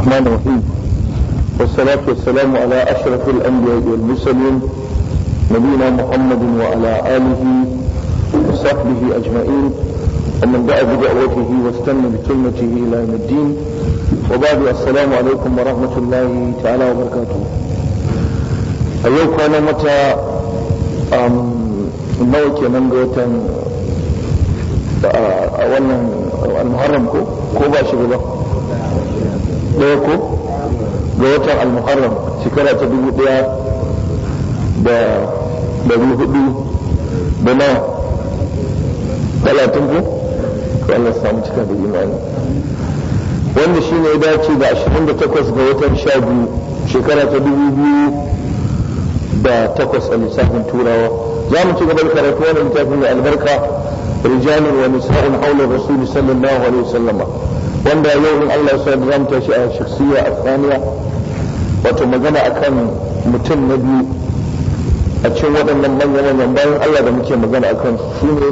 الرحمن الرحيم والصلاة والسلام على أشرف الأنبياء والمرسلين نبينا محمد وعلى آله وصحبه أجمعين ومن دعا بدعوته واستنى بكلمته إلى يوم الدين وبعد السلام عليكم ورحمة الله تعالى وبركاته أيوك أنا متى نوك ينمغوتا أولا المحرم كو كو باشي بلو ɗaya ko ga watan al shekara ta dubu ɗaya da ɗari hudu da na talatin ko ko Allah samu cika da imani wanda shi ne dace da ashirin da takwas ga watan sha biyu shekara ta dubu biyu da takwas a lissafin turawa za mu ci gaba da karatu wannan littafin da albarka rijalun wa nisa'un haula rasuli sallallahu alaihi wasallama wanda yau in Allah ya zan ta shi a shaksiya a tsaniya wato magana akan mutum na biyu a cikin waɗannan manyan manyan bayan Allah da muke magana akan su ne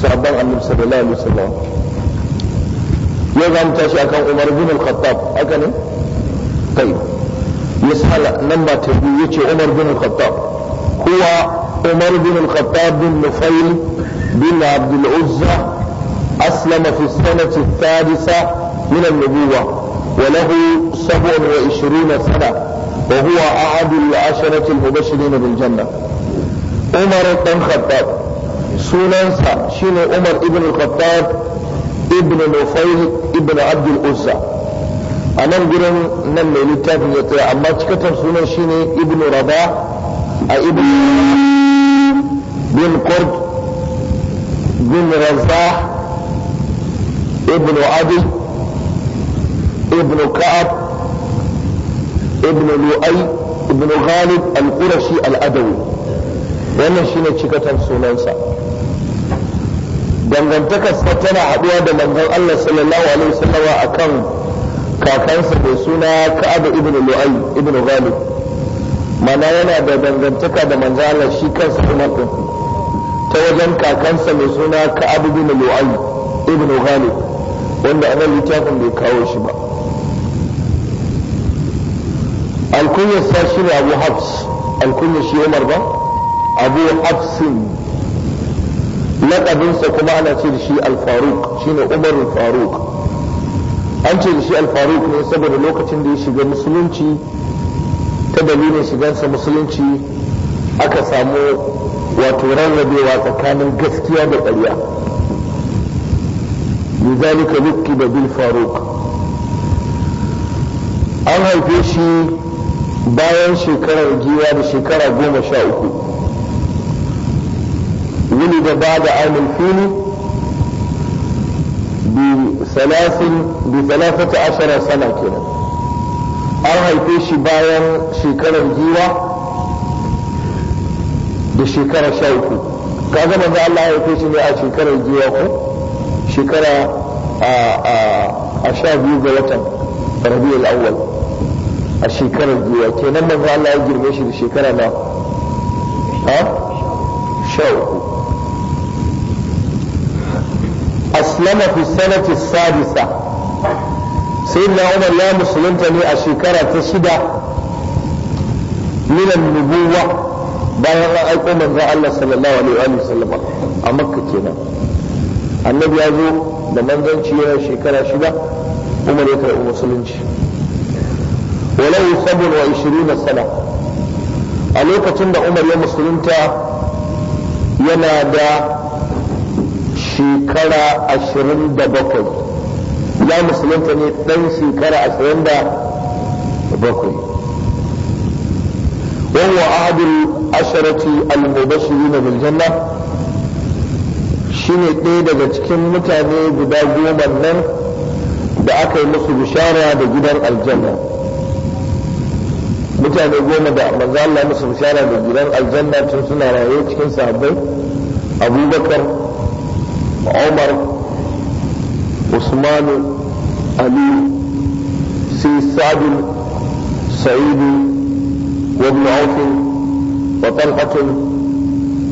sabon annabi sallallahu alaihi wasallam yau za mu tashi akan Umar bin Al-Khattab haka ne kai misala nan ba ta biyu yace Umar bin Al-Khattab kuwa Umar bin Al-Khattab bin Nufail bin Abdul Uzza أسلم في السنة الثالثة من النبوة وله سبع وعشرون سنة وهو أحد العشرة المبشرين بالجنة عمر بن الخطاب سننسى شين عمر ابن الخطاب ابن نفيل ابن عبد الأزة a nan gurin nan mai littafin ya tsaya amma cikakken sunan shine ibnu raba a ibnu bin qurd bin raza ibnu abi بن كعب ابن لؤي ابن غالب القرشي الأدوي wannan shine cikakken sunansa dangantakarsa tana haɗuwa da manzon Allah sallallahu alaihi wasallam akan kakansa mai suna Ka'ab ibn Lu'ay ibn Ghalib mana yana da dangantaka da manzon Allah shi kansa kuma ta wajen kakansa mai suna Ka'ab ibn Lu'ay ibn Ghalib wanda anan littafin bai kawo shi ba alkunyar sa shi ne abu hafs alkunyar shi umar ba abu hafsin laƙabinsa kuma ana ce da shi alfaruk shi ne umar faruk an ce da shi alfaruk ne saboda lokacin da ya shiga musulunci ta dalilin shigansa musulunci aka samu wato rarrabewa tsakanin gaskiya da ƙarya da bil Faruk? an haife shi bayan shekarar giwa da shekara goma sha uku wuli da ba da amin fili bi salafata ashara sana kenan an haife shi bayan shekarar giwa da shekara sha uku ka zama da Allah ya haife shi ne a shekarar giwa ko shekara a sha biyu ga watan rabi'ul awwal a shekarar jiya kenan manzo Allah ya girme shi da shekara na ha sha uku aslama fi sanati sadisa sai umar ya musulunta ne a shekara ta shida minan nubuwa bayan an aiko manzo Allah sallallahu alaihi wa sallam a makka kenan annabi ya zo da manzanci yana shekara shida umar ya karɓi musulunci walau sabon wa ishirina sana a lokacin da umar ya musulunta yana da shekara ashirin da bakwai ya musulunta ne ɗan shekara ashirin da bakwai wawa ahadul asharati al-mubashirina bil janna shine ɗaya daga cikin mutane guda goma nan da aka yi musu bishara da gidan aljanna mutane goma da manzo Allah musu bishara da gidan aljanna tun suna raye cikin sahabbai abubakar umar usman ali sai sa'd sa'id wa ibn auf wa talhat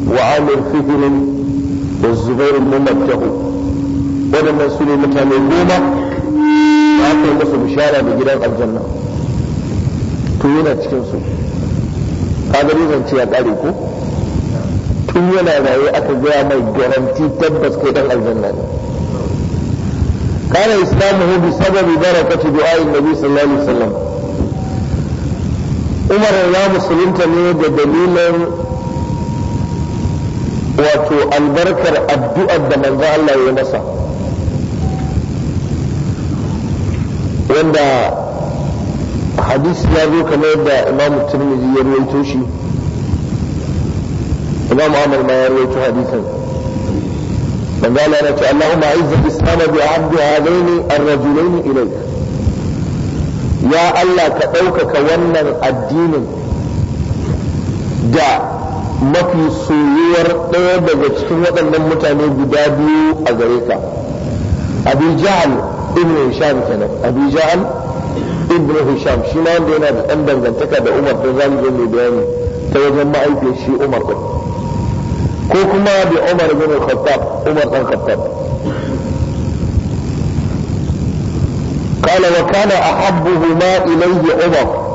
wa amir fihr zubair mutane goma da aka musu bishara da gidan aljanna tun yana cikin su gani zance ya kare ko tun yana raye aka gaya mai garanti tabbas kai dan aljanna ne kana islamu bi sababi barakati du'a'i nabi sallallahu alaihi wasallam umar ya musulunta ne da dalilin wato albarkar addu'ar da manzo Allah ya masa wanda hadisi ya zo kamar yadda imam turmizi ya rawaito shi imam amal ma ya rawaito hadisin manzo Allah ya ce Allahumma a'izz al-islam bi abdi hadaini ar-rajulain ilayk ya Allah ka ɗaukaka wannan addinin da mafi soyuwar ɗaya daga cikin waɗannan mutane guda biyu a gare ka abu jahal ibn hisham shi ma wanda yana da ɗan dangantaka da umar da zalibin mai bayani ta wajen ma'aikin shi umar ɗin ko kuma da umar bin khattab umar ɗan khattab قال وكان أحبهما إليه عمر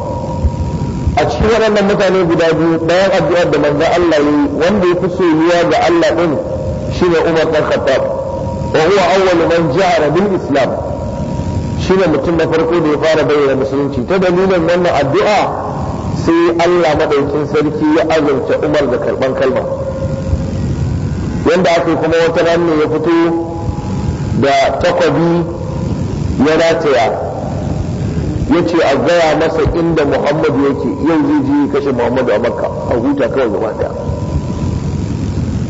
a cikin waɗannan mutane guda biyu bayan addu'ar da manzo Allah yi wanda ya fi soyuwa ga Allah din shine Umar dan Khattab wa huwa awwal man ja'ara bil Islam shi ne mutum na farko da ya fara bayyana musulunci ta dalilin wannan addu'a sai Allah madaukin sarki ya azurta Umar da karban kalma yanda aka kuma wata ranar ya fito da takwabi ya rataya ya ce a gaya masa inda Muhammadu yake yau zai je kashe Muhammadu a Makka a huta kawai gaba daya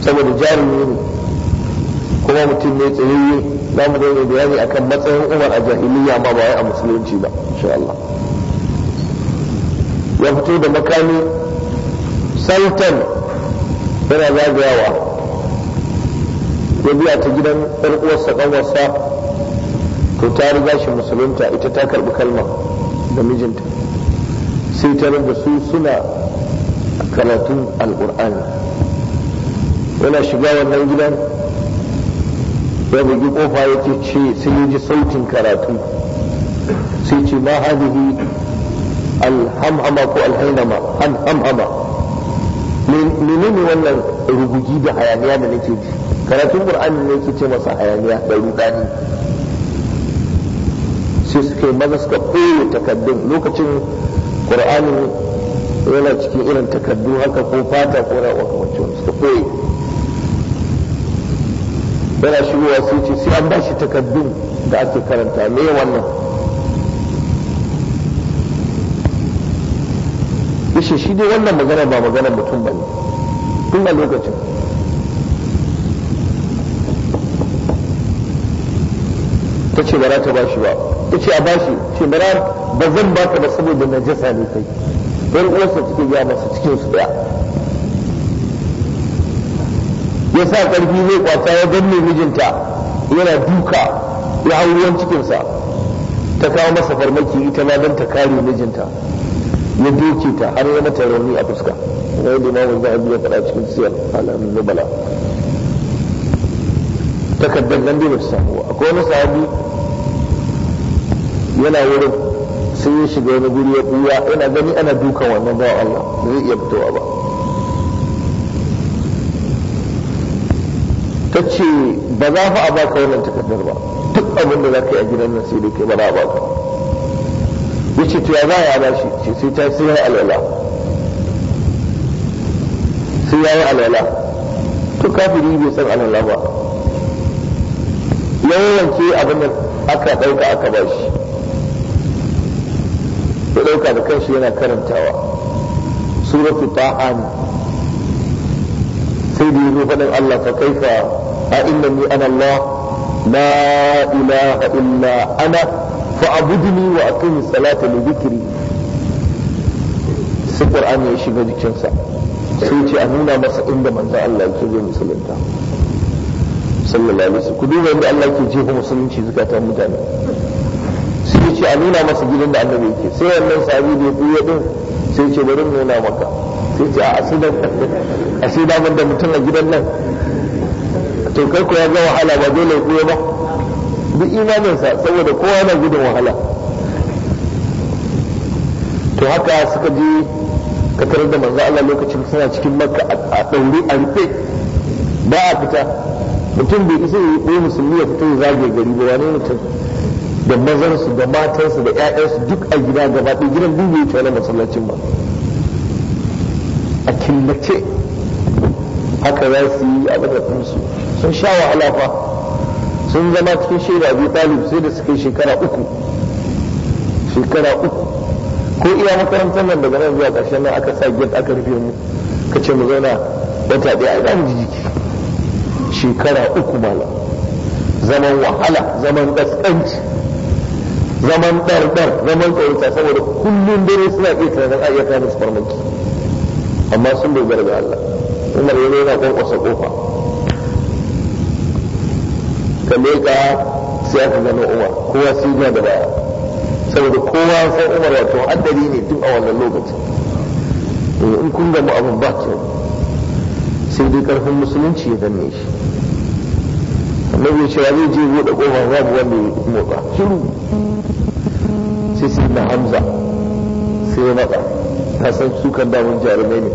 saboda jarumi ne kuma mutum ne tsayayye za mu zai bayani akan matsayin umar a jahiliya ma bayan a musulunci ba insha Allah ya fito da makami sultan yana zagayawa ya biya ta gidan ɗan uwarsa ƙanwarsa to ta riga shi musulunta ita ta karɓi kalma da mijinta sai ta da su suna karatun al'ur'ani yana shiga wannan gidan ya bugi kofa ya ce ce sai ya ji sautin karatu sai ce ma hadihi alhamhama ko alhainama alhamhama ne wannan rugugi da hayaniya da nake ji karatun qur'ani ne yake ce masa hayaniya da rudani sai suka yi maza suka koyo takaddun lokacin qur'ani yana cikin irin takaddun haka ko fata ko rawa kamar suka koyo yana shigowa sai ce sai an bashi takardun da ake karanta me wannan ishe shi dai wannan magana ba magana mutum ba ne tun a lokacin ta ce ba za ta bashi ba ta ce a bashi ce ba ba zan ba baka ba saboda najasa ne kai don uwarsa cikin gaya masa cikin su daya ya sa ƙarfi zai kwata ya danne mijinta yana duka ya hau ruwan cikinsa ta kawo masa farmaki ita ma don ta kare mijinta ya doke ta har ya mata rauni a fuska wai da za a biya faɗa cikin siyar alamun nubala takardar nan bai bata samuwa akwai wani sahabi yana wurin sai ya shiga wani guri ya ɓuya yana gani ana dukan wannan bawa Allah ba zai iya fitowa ba ta ce ba za fi a ba ka wannan takardar ba duk abin da za ka yi a gidan nan sai dai ke ba za a ba ka ya ce tuya ya za a ba shi sai ta sai ya alwala sai ya yi alwala to kafiri bai san alwala ba ya wanke abin da aka ɗauka aka ba shi ya ɗauka da kanshi yana karantawa suratu ta'an sai da yi faɗin Allah kai kaifa أئنني أنا الله لا إله إلا أنا فأعبدني وأقم الصلاة لذكري sai Qur'ani ya shiga jikinsa sai ce a nuna masa inda manzo Allah zai musulunta sallallahu alaihi wasallam ku duba Allah yake jefa musulunci ta mutane sai ce a nuna masa gidan da annabi yake sai wannan sahabi da ya din sai ce bari mu maka sai ce a da mutum a gidan nan to kai ko ya ga wahala ba dole ku ba duk imaninsa saboda kowa yana gudun wahala to haka suka je ka tarar da manzo Allah lokacin suna cikin makka a daure a rufe ba a fita mutum bai isa yi ɗaya musulmi ya fito ya zage gari ba wani mutum da mazansu da matansu da 'ya'yansu duk a gida gaba ɗaya gidan duk bai na masallacin ba a killace haka za su yi a ɗinsu sun sha wahala fa sun zama cikin shaida biyu talib sai da suka shekara uku shekara uku ko iya makarantar nan daga nan zuwa ƙarshen nan aka sa gate aka rufe mu ka ce mu zauna wata ɗaya ai mu ji jiki shekara uku malam zaman wahala zaman ƙasƙanci zaman ɗarɗar zaman tsorita saboda kullum dare suna iya tunanin a iya kayan farmaki amma sun dogara ga Allah Umar yana yana kwankwasa kofa suka sai gano umar kowa da baya kowa san umar wato haddari ne tun a wannan lokacin eh, in kun abin ba kyau sai dai karfin musulunci ya danne shi annabi ya ce zai je buɗe kofa babu wanda ya motsa shiru sai sai na hamza sai ya matsa ta san sukan damun jarumai ne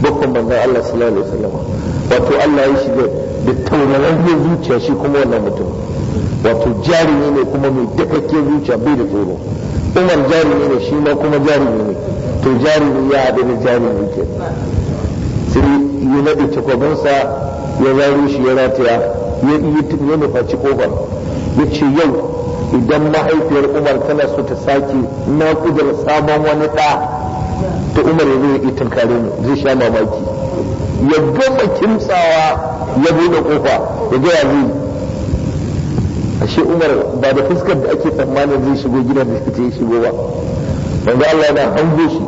bakon bangar allah sallallahu alaihi wasallam wato allah ya shiga da taurararriyar zuciya shi kuma wannan mutum wato jarumi ne kuma mai daɗaƙƙiyar zuciya bai da tsoro umar jarumi ne shi ma kuma jarumi ne to jarumi ya haɗu da jarumi ke sai na naɗe kwabinsa ya zaro shi ya rataya ya yi nufaci kofar ya ce yau idan mahaifiyar umar tana so ta sake na kudar sabon wani ɗa ta umar ya zai yi tunkare mu zai sha mamaki ya gama kimtsawa ya bude kofa ya ga ya zai ashe umar ba da fuskar da ake tsammanin zai shigo gidan da fita ya shigo ba manzo Allah yana hango shi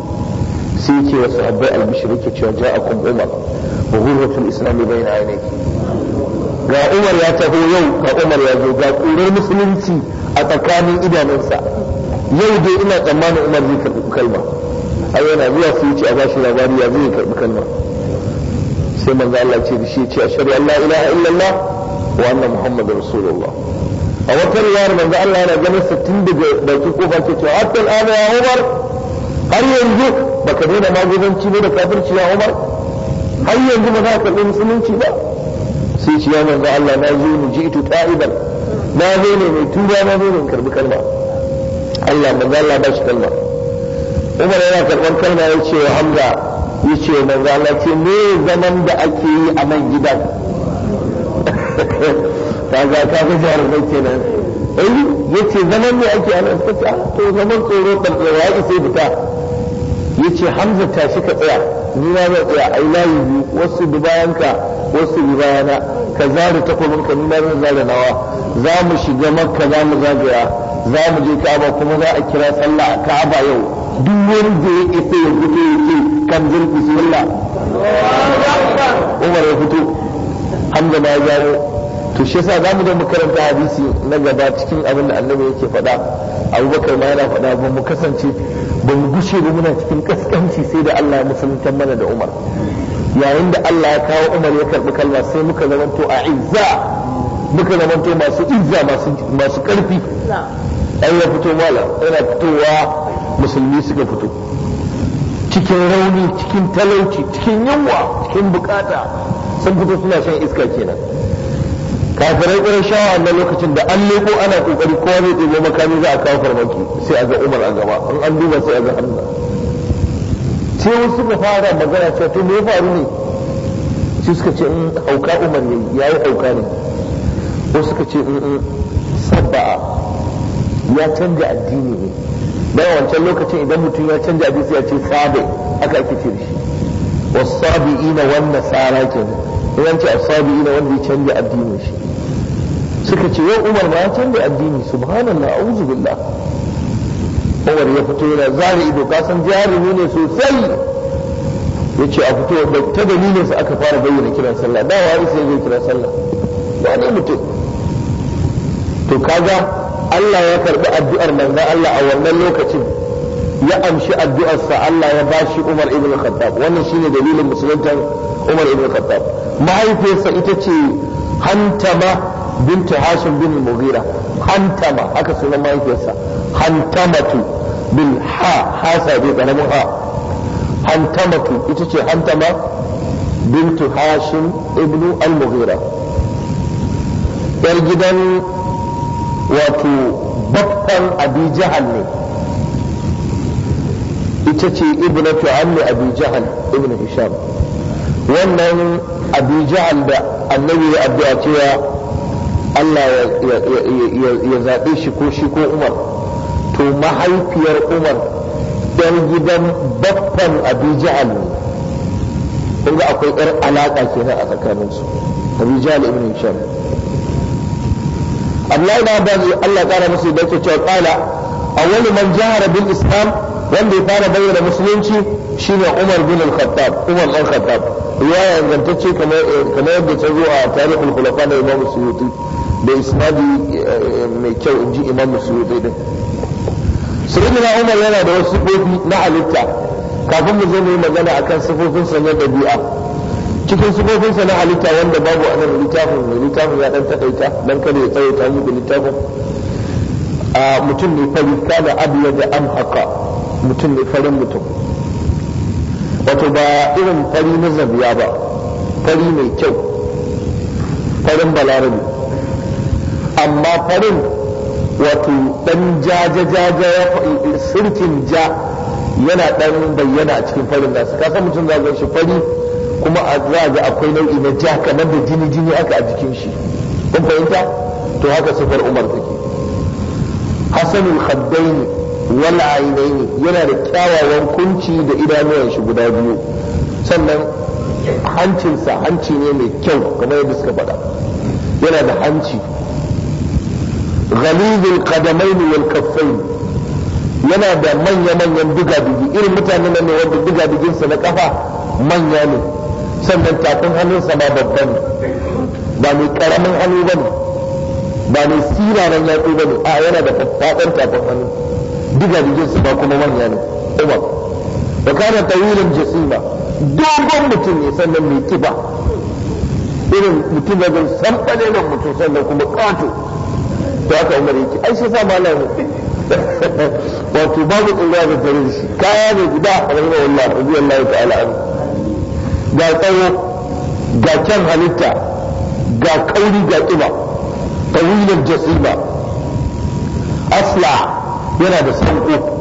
sai ce wasu habbai albishir yake cewa ja'akum umar wa hurratul islam na ainihi. ga umar ya taho yau ga umar ya zo ga ƙurar musulunci a tsakanin idanunsa yau dai ina tsammanin umar zai karɓi kalma a yana zuwa su yi ce a bashi labari ya zai karɓi kalma sai manzo Allah ce da shi ce ashhadu an la ilaha illallah wa anna muhammadar rasulullah a wata riwayar manzo Allah yana ganin sa tun daga baki kofa ke cewa hatta al'ana ya Umar har yanzu baka daina magudanci ne da kafirci ya Umar har yanzu ba za ka karɓi musulunci ba sai ce ya manzo Allah na zo ni jitu ta'iban na zo ne mai tuba na zo ne in karbi kalma Allah manzo Allah ba shi kalma Umar yana karɓar kalma ya ce wa Hamza yace manzo Allah ce me zaman da ake yi a nan gidan ga ta ga jarumai kenan eh yace zaman ne ake ana fita ah, to zaman tsoro balbal ya sai fita yace Hamza ta shi ka tsaya ni na zan tsaya ai layi biyu wasu bayanka wasu bayana ka zare takobin ka ni na zan zare nawa za mu shiga makka za mu zagaya za mu je ka'aba kuma za a kira sallah ka'aba yau duk wanda ya isa ya fito ya ce su yalla Umar ya fito Hamza ma ya jawo to shi yasa zamu da makaranta hadisi na gaba cikin abin da annabi yake faɗa abubakar ma yana faɗa ba mu kasance ba mu gushe ba muna cikin kaskanci sai da Allah ya musulunta mana da Umar yayin da Allah ya kawo Umar ya karbi kalma sai muka zamanto a izza muka zamanto masu izza masu karfi ai ya fito mala yana fitowa musulmi suka fito cikin rauni cikin talauci cikin yunwa cikin bukata sun fito suna shan iska kenan kafirai ƙurashawa a wannan lokacin da an leko ana kokari kowa zai tsaye makami za a kawo farmaki sai a ga umar a gaba in an duba sai a ga hannu. sai wasu suka fara magana cewa to me ya faru ne sai suka ce in auka umar ne ya yi auka ne wasu suka ce in sabba ya canja addini ne da wancan lokacin idan mutum ya canja abin sai ya ce sabe aka ake ce shi ina wanda tsara kenan idan ce ina wanda ya canja addinin shi suka ce yau Umar ma ya canja addini subhanallah auzu billah Umar ya fito yana zare ido kasan jarumi ne sosai ya ce a fito da ta dalilin sa aka fara bayyana kiran sallah da wani sai ya kira sallah wani mutum to kaga Allah ya karbi addu'ar manzan Allah a wannan lokacin ya amshi addu'arsa Allah ya bashi Umar ibn Khattab wannan shine dalilin musuluntar Umar ibn Khattab mahaifiyarsa ita ce Hantama Binta Hashim bin Mughira Hantama haka sunan mahaifiyarsa Hantamatu bil ha hasa bi karamin ha Hantamatu ita ce Hantama bintu Hashim ibn al-Mughira yar gidan wato bakkan abi jihar ne ita ce ibnatu ammi abi jihar, ibn hisham wannan abi jihar da annabi ya addu'a cewa Allah ya zaɓe shi ko shi ko umar to mahaifiyar umar ɗan gidan baffan abi jihar ne kun akwai 'yar alaƙa kenan a tsakaninsu abi jahal ibn hisham Abdullahi na Abbas Allah kara musu da yake cewa qala awwalu man jahara bil islam wanda ya fara bayyana musulunci shine Umar bin al-Khattab Umar bin al-Khattab riwaya ingantacce kamar eh, kamar yadda ta zo a tarihul khulafa Imam Suyuti da isnadi eh, mai kyau inji Imam Suyuti din sayyidina Umar yana da wasu kofi na halitta kafin mu zo yi magana akan sifofin sanya dabi'a cikin sifofin sa na halitta wanda babu a nan littafin mai littafin ya dan takaita dan kada ya tsawaita da littafin a mutum ne fari kana abiya da an haka mutum ne farin mutum wato ba irin fari na zabiya ba fari mai kyau farin balarabi amma farin wato dan jaja-jaja ya sirkin ja yana dan bayyana a cikin farin nasu kasan mutum za shi fari kuma a za ga akwai nau'i na ja kamar da jini jini aka a jikin shi kun fahimta to haka sifar umar take hasanul khaddain wal ainain yana da kyawawan kunci da idanuwan shi guda biyu sannan hancinsa hanci ne mai kyau kamar yadda suka faɗa yana da hanci ghalidul qadamain wal kaffain yana da manya manyan diga digi irin mutanen nan ne wanda diga diginsa na kafa manya ne sannan tafin hannunsa ma babban ba mai karamin hannu ba ne ba mai siraran yaƙi ba ne a yana da faɗin tafin hannu diga jikinsa ba kuma manya ne umar da kana tawilin jasima dogon mutum ne sannan mai kiba irin mutum da zai san nan mutum sannan kuma ƙato to aka umar yake ai shi sa malam wato babu tsoro da gare shi kaya ne guda a rahimahullah radiyallahu ta'ala anhu ga tsawo ga can halitta ga kauri ga ƙiba tawilar jasima asla yana da sanko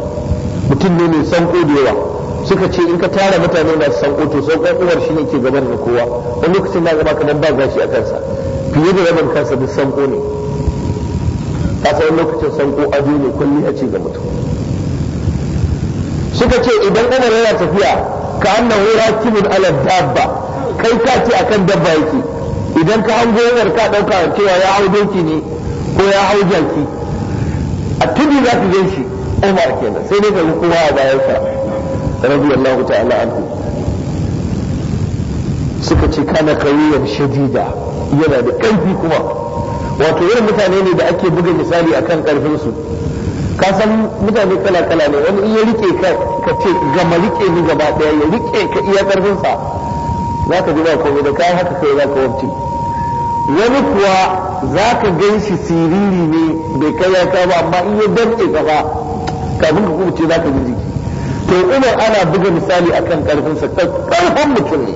mutum ne mai sanko da yawa suka ce in ka tara mutane masu sanko to sauƙa uwar shi ne ke gabar da kowa wani lokacin na gaba kadan ba gashi a kansa fiye da rabin kansa duk sanko ne a san lokacin sanko ado ne kulli a ce ga mutum suka ce idan umar yana tafiya ka annahu rakibun aladabba kai ka ce akan dabba yake idan ka hango yar ka dauka cewa ya hau doki ne ko ya hau jaki a tudu za ka gan shi umar kenan sai dai ka ga kowa a bayansa radiyallahu ta'ala anhu suka ce kana kawiyar shadida yana da ƙarfi kuma wato irin mutane ne da ake buga misali akan ƙarfinsu ka san mutane kala kala ne wani iya rike ka ka ce gama rike ni gaba daya ya rike ka iya karfin sa za ka ji ba komai da kai haka kai za ka wabce wani kuwa za ka gan shi siriri ne bai kai ya ba amma in ya danke ka ba kafin ka kubuce za ka ji jiki to umar ana buga misali akan karfin sa karfin mutum ne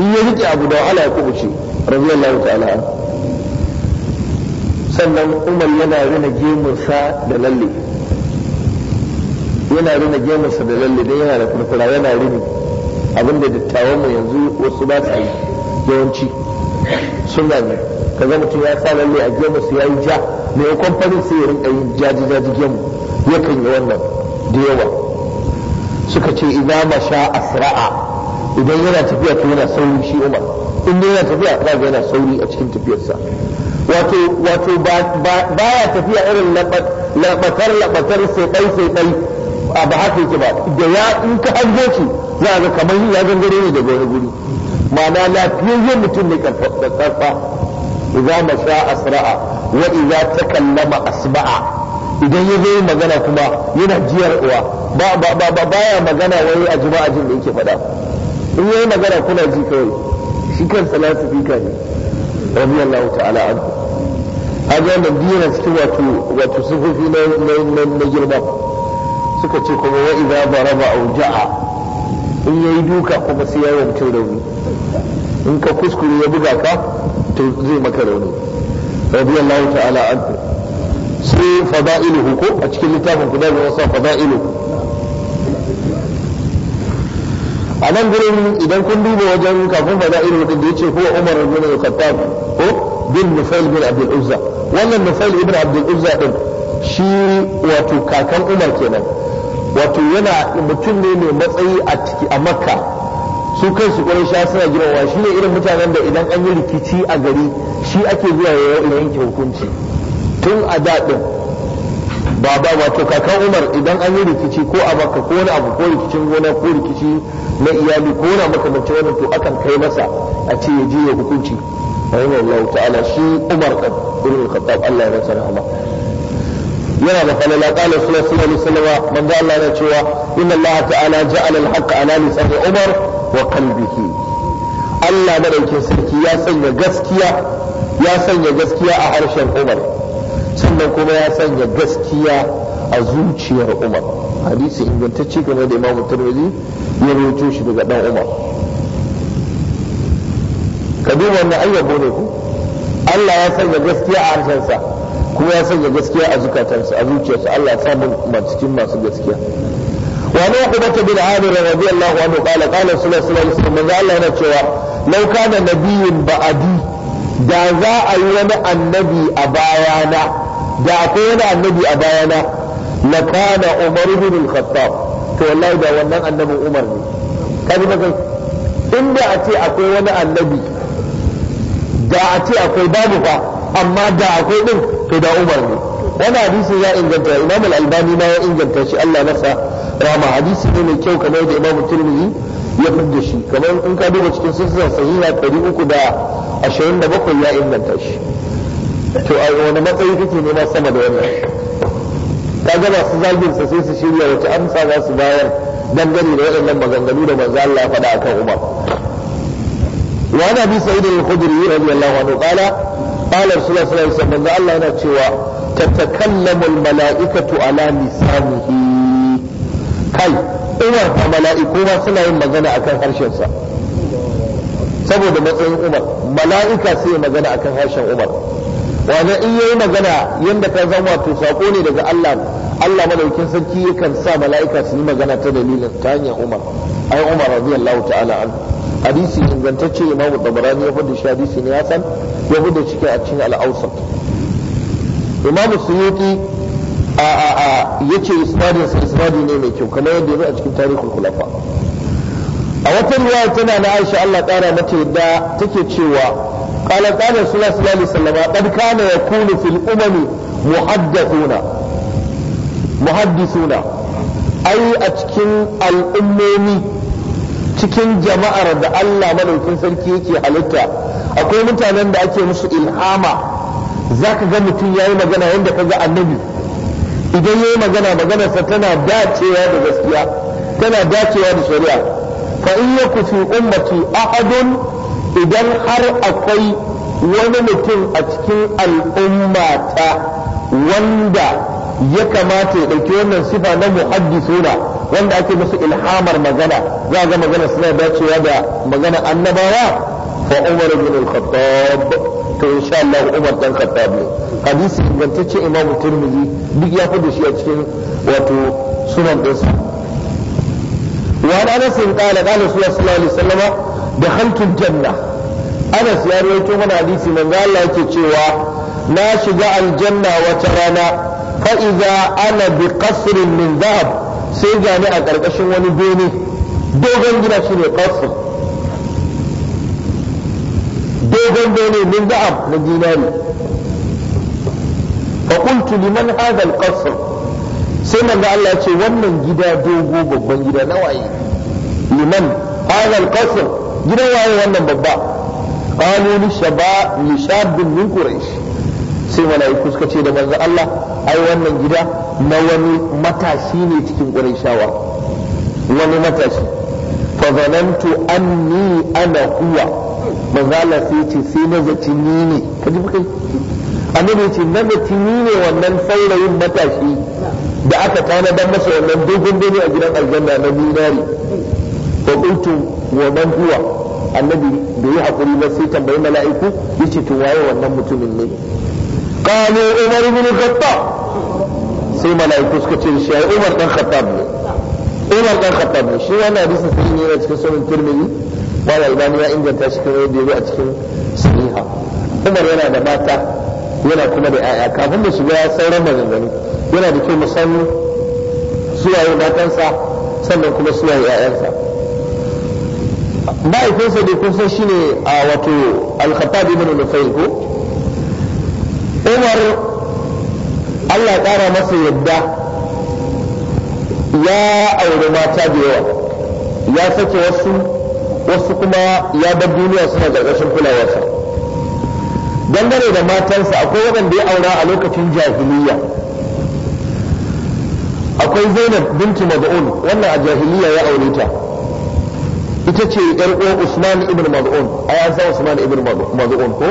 in ya rike abu da wahala ya kubuce radiyallahu ta'ala sannan umar yana rina gemunsa da lalle yana rina gemunsa da lalle don yana da kurkura yana rini abinda dattawan mu yanzu wasu ba sa yi yawanci sun gani kaga mutum ya sa lalle a gemunsa ya yi ja mai kwamfani sai ya rinka yin jaji jaji gemu yakan yi wannan da yawa suka ce idan masha asra'a idan yana tafiya to yana sauri shi umar in yana tafiya ta yana sauri a cikin tafiyarsa wato wato ba ya tafiya irin labatar labatar sai dai sai dai a ba haka yake ba da ya in ka hango shi za ga kamar ya gangare ne daga wani guri ma'ana lafiyayyen mutum ne karfa idza masha asra'a wa idza takallama asba'a idan ya zo magana kuma yana jiyar uwa ba ba ba baya magana wai a jima'a jin da yake faɗa in yayi magana kuna ji kawai shi kansa fika ne radiyallahu ta'ala anhu aga wannan diyana cikin wato wato sifofi na na girma suka ce kuma wa idza daraba aw ja'a in yayi duka kuma sai yayi mutum rauni in ka kuskure ya buga ka to zai maka rauni ko a cikin littafin ku da a nan gurin idan kun duba wajen kafin ba za irin mutum da ya ce kuma umar bin al-khattab ko bin nufail bin abdul uzza wannan nufail ibn abdul uzza din shi wato kakan umar kenan wato yana mutum ne mai matsayi a ciki a makka su su kwarai sha suna girmawa shi ne irin mutanen da idan an yi rikici a gari shi ake zuwa ya yanke hukunci tun a da daɗin baba wato kakan umar idan an yi rikici ko a baka ko wani abu ko rikicin gona ko rikici na iyali ko wani makamanci wannan to akan kai masa a ce ya je ya hukunci Allah ta'ala shi umar ibn irin khattab Allah ya rasa rahama yana da falala qala sallallahu alaihi wasallam manzo Allah yana cewa inna Allah ta'ala ja'ala al-haqqa ala lisan umar wa qalbihi Allah madaukin sarki ya sanya gaskiya ya sanya gaskiya a harshen umar sannan kuma ya sanya gaskiya a zuciyar umar hadisi ingantacce game da imamu tarwazi ya rawaito shi daga dan umar ka duba wannan ayyabo ne ku Allah ya sanya gaskiya a harshensa kuma ya sanya gaskiya a zukatansa a zuciyarsa Allah ya samu cikin masu gaskiya وعن عقبة بن عامر رضي الله عنه قال قال رسول الله صلى الله عليه وسلم الله أنا cewa لو كان نبي بعدي da za a yi wani annabi a bayana da akwai wani annabi a bayana na, kana umar ibn al-khattab to wallahi da wannan annabin umar ne kaji ba da a ce akwai wani annabi da a ce akwai babu fa amma da akwai din to da umar ne wani hadisi ya inganta imam al-albani ma ya inganta shi Allah nasa rama hadisi ne mai kyau kamar da imam tirmidhi ya fidda shi kamar in ka duba cikin sisar sahiha 327 ya inganta shi to a wani matsayi kake nema sama da wannan kaga masu zagin sa sai su shirya wace amsa za su bayar dangane da waɗannan maganganu da manzo Allah ya faɗa akan Umar wa ana bi sa'id al-khudri radiyallahu anhu qala qala rasulullah sallallahu alaihi wasallam Allah yana cewa tatakallamu al-mala'ikatu ala lisanihi kai Umar fa mala'iku ma suna yin magana akan harshen sa saboda matsayin Umar mala'ika sai magana akan harshen Umar wanda in yi magana yadda ka zama to saƙo ne daga Allah Allah madaukin sarki yakan sa mala'ika su yi magana ta dalilin ta hanyar Umar ai Umar radiyallahu ta'ala an hadisi ingantacce Imam Tabarani ya fada shi hadisi ne Hassan ya fada cikin a cikin al-Awsat Imam Suyuti a a a yace isnadin sa isnadi ne mai kyau kamar yadda ya zo a cikin tarihul khulafa a wata riwaya tana na Aisha Allah ƙara mata yadda take cewa قال قال رسول الله صلى الله عليه وسلم قد كان يكون في الأمم محدثون محدثون أي أتكن cikin jama'ar da Allah madaukin sarki yake halitta akwai mutanen da ake musu ilhama za ka ga mutum ya yi magana yadda ka ga annabi idan ya yi magana maganarsa tana dacewa da gaskiya tana dacewa da shari'a fa in yaku fi ummati ahadun idan har akwai wani mutum a cikin al'umma ta wanda ya kamata ya ɗauki wannan sifa na suna, wanda ake musu ilhamar magana za ga magana suna dacewa da magana annabawa fa Umar ibn al-Khattab to insha Allah Umar dan Khattab ne hadisi ingantacce Imam Tirmidhi duk ya fada shi a cikin wato sunan dinsa wa sun qala qala Rasulullah sallallahu alaihi wasallama dakhaltul janna Anas ya rawaito mana hadisi manzo Allah yake cewa na shiga aljanna wata rana fa idza ana bi qasrin min dhahab sai gani a karkashin wani bene dogon gida ne qasr dogon bene min dhahab na dinari fa qultu liman hadha alqasr sai ga Allah ya ce wannan gida dogo babban gida nawaye liman hadha alqasr gidan waye wannan babba qalu li shaba li shabin min quraish sai malaiku suka ce da manzo Allah ai wannan gida na wani matashi ne cikin qurayshawa wani matashi fa zanantu anni ana huwa manzo Allah sai ce sai na zaci ni ne kaji kai annabi ce na zaci ni ne wannan saurayin matashi da aka tanadar masa wannan dogon dare a gidan aljanna na dinari wa qultu wa man huwa annabi da yi hakuri ba sai tambayi mala'iku yace to waye wannan mutumin ne qalu umar ibn khattab sai mala'iku suka ce shi umar dan khattab ne umar dan khattab ne shi wannan hadisin sai ne a cikin sunan tirmidhi wala albani ya inganta shi kamar yadda a cikin sahiha umar yana da mata yana kuma da 'ya'ya kafin da shiga sauran maganganu yana da kyau mu san suwaye matansa sannan kuma suwaye 'ya'yansa ma'aikinsa da kusa shi ne a wato alkhattabi ibn na ko umar allah ƙara masa yadda ya auri mata da yawa ya sake wasu wasu kuma ya bar duniya suna ƙarƙashin kulawarsa dangane da matansa akwai waɗanda ya aura a lokacin jahiliya akwai zainab binti mad'un wannan a jahiliya ya aure ta ita ce yar uwar Usman ibn Maz'un ai an Usman ibn Maz'un ko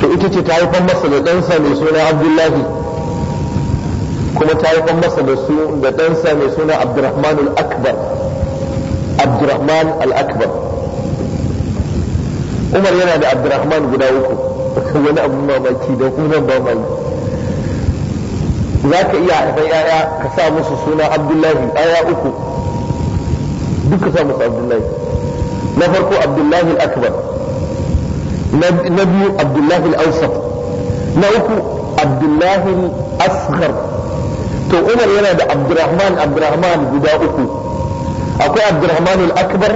to ita ce ta haifar masa da ɗansa mai suna Abdullahi kuma ta haifar masa da da ɗansa mai suna Abdurrahman al-Akbar Abdurrahman al-Akbar Umar yana da Abdurrahman guda uku wani abu mamaki da kuma mamaki za ka iya haifar 'ya'ya ka sa musu suna Abdullahi 'ya'ya uku duka sa musu abdullahi na farko abdullahi akbar na biyu abdullahi al na uku abdullahi asghar to umar yana da abdurrahman abdurrahman guda uku akwai abdurrahman al-akbar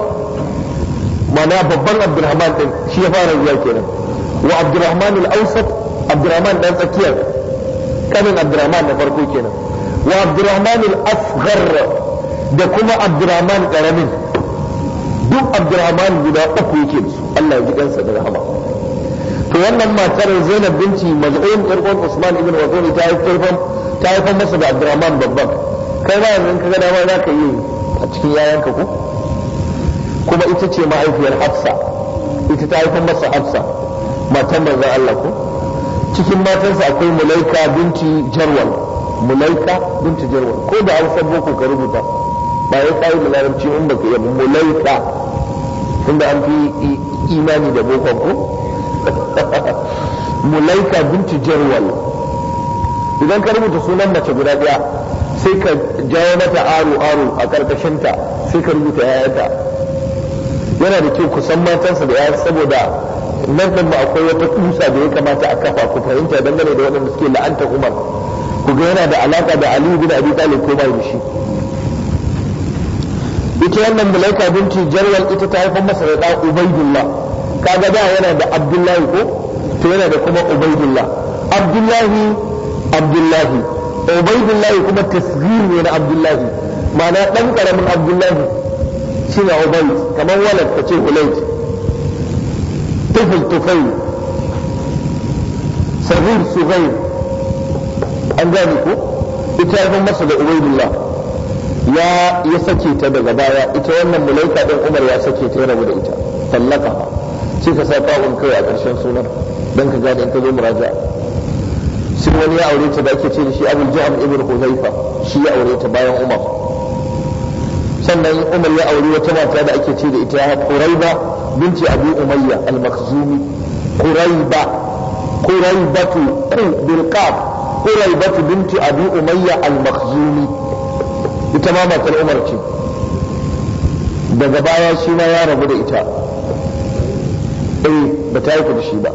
mana babban abdurrahman din shi ya fara zuwa kenan wa abdurrahman al-awsat abdurrahman dan tsakiyar kanin abdurrahman na farko kenan wa abdurrahman al-asghar da kuma abdurrahman karamin duk abdurrahman guda uku yake da su Allah ya ji kansa da rahama to wannan matar Zainab Binti, Maz'un irkon Usman ibn Wazir ta yi firfan ta haifar masa da Abdurrahman babban kai ba yanzu kaga dama za ka yi a cikin yayanka ko kuma ita ce ma'aifiyar Hafsa ita ta haifar masa Hafsa matan manzo Allah ko cikin matansa akwai Mulaika binti Jarwal Mulaika binti Jarwal ko da an san boko ka rubuta ba ya tsayi da larabci in baka yi mulaita tunda an fi imani da bokon ko mulaita binti jarwal idan ka rubuta sunan mace guda daya sai ka jawo mata aro aro a karkashinta sai ka rubuta yayata yana da kyau kusan matansa da yayata saboda nan ba akwai wata kusa da ya kamata a kafa ku fahimta dangane da waɗanda suke la'anta umar ku ga yana da alaka da aliyu bin abi talib ko bai da shi ita wannan malaika binti jarwal ita ta haifar masa da ɗan ubaidullah kaga da yana da abdullahi ko to yana da kuma ubaidullah abdullahi abdullahi ubaidullahi kuma tasghir ne na abdullahi ma'ana ɗan ƙaramin abdullahi na ubaid kamar ka kace ulaid tufil tufai su sughair an gani ko ita haifar masa da ubaidullah ya ya sake ta daga baya ita wannan mulaika din Umar ya sake ta rabu da ita sallaka sai ka sa kawun kai a ƙarshen sunan dan ka gane in ka zo muraja sai wani ya aure ta da ake ce shi Abu Ja'am ibn Hudhaifa shi ya aure ta bayan Umar sannan Umar ya aure wata mata da ake ce da ita Quraiba binti Abi Umayya al-Makhzumi Quraiba Quraibatu bil Qab Quraibatu binti Abi Umayya al-Makhzumi ita ma matar umar ce daga baya shi ma ya rabu da ita eh ba ta haiku da shi ba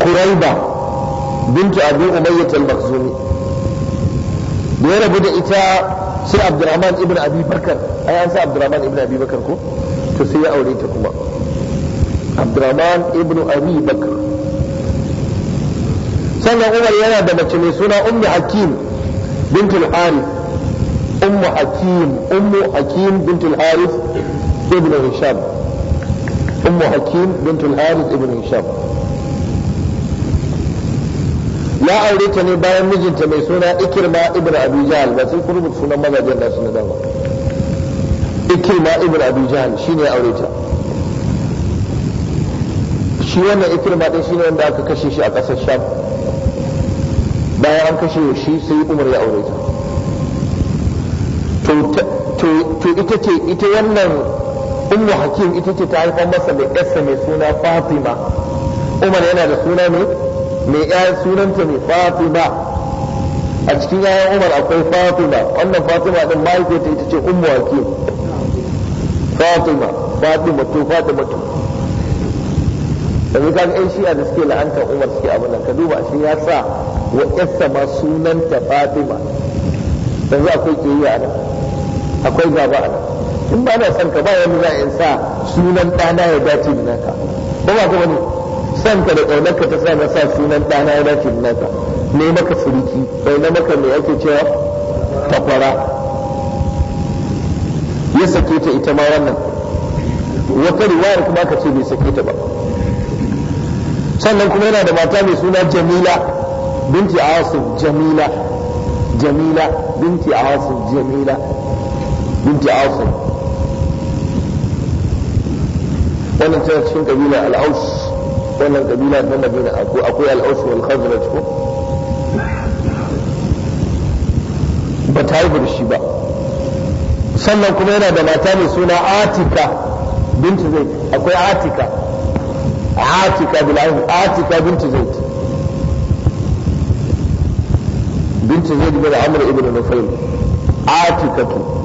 kuraiba bintu abu umayyah zo ne, da ya rabu da ita sai abdurrahman ibn abi bakar ai an sa abdurrahman ibn abi bakar ko to sai ya aure ta kuma abdurrahman ibn abi bakar sannan umar yana da mace mai suna ummi hakim بنت الحارث أم حكيم أم حكيم بنت الحارث ابن هشام أم حكيم بنت الحارث ابن هشام ya aure ne bayan mijinta mai suna ikirma ibn abi jahal ba sunan mazajen nasu na dama ikirma ibn abi jahal shine aure ta shi wannan ikirma shine wanda aka kashe shi a kasar bayan an kashe shi sai umar ya aure ta to ita ce ita wannan ummu hakim ita ce ta haifar masa mai ƙasa mai suna fatima umar yana da suna ne mai ya sunanta ne fatima a cikin yayan umar akwai fatima wannan fatima din mahaifiyarta ita ce ummu hakim fatima fatima to fatima to yanzu ka ƴan shi'a da suke la'anta umar suke abin nan ka duba shi ya sa wa ƴarsa ma sunanta fatima yanzu akwai yi a nan akwai gaba a nan in ba na son ka ba wani za in sa sunan ɗana ya dace da naka ba ba kuma ne son ka da ƙaunarka ta sa na sa sunan ɗana ya dace da naka ne maka suriki bai na maka mai ake cewa takwara ya sake ta ita ma wannan wata riwayar kuma ka ce bai sake ta ba sannan kuma yana da mata mai suna jamila binti asif jamila jamila binti asif jamila binti asif wannan tana cikin kabila al-aus wannan kabila ta madina akwai al-aus wal khazraj ba ta shi ba sannan kuma yana da mata mai suna atika binti zai akwai atika atika bil atika binti zai ita zaid bin amr ibn nufail atikatu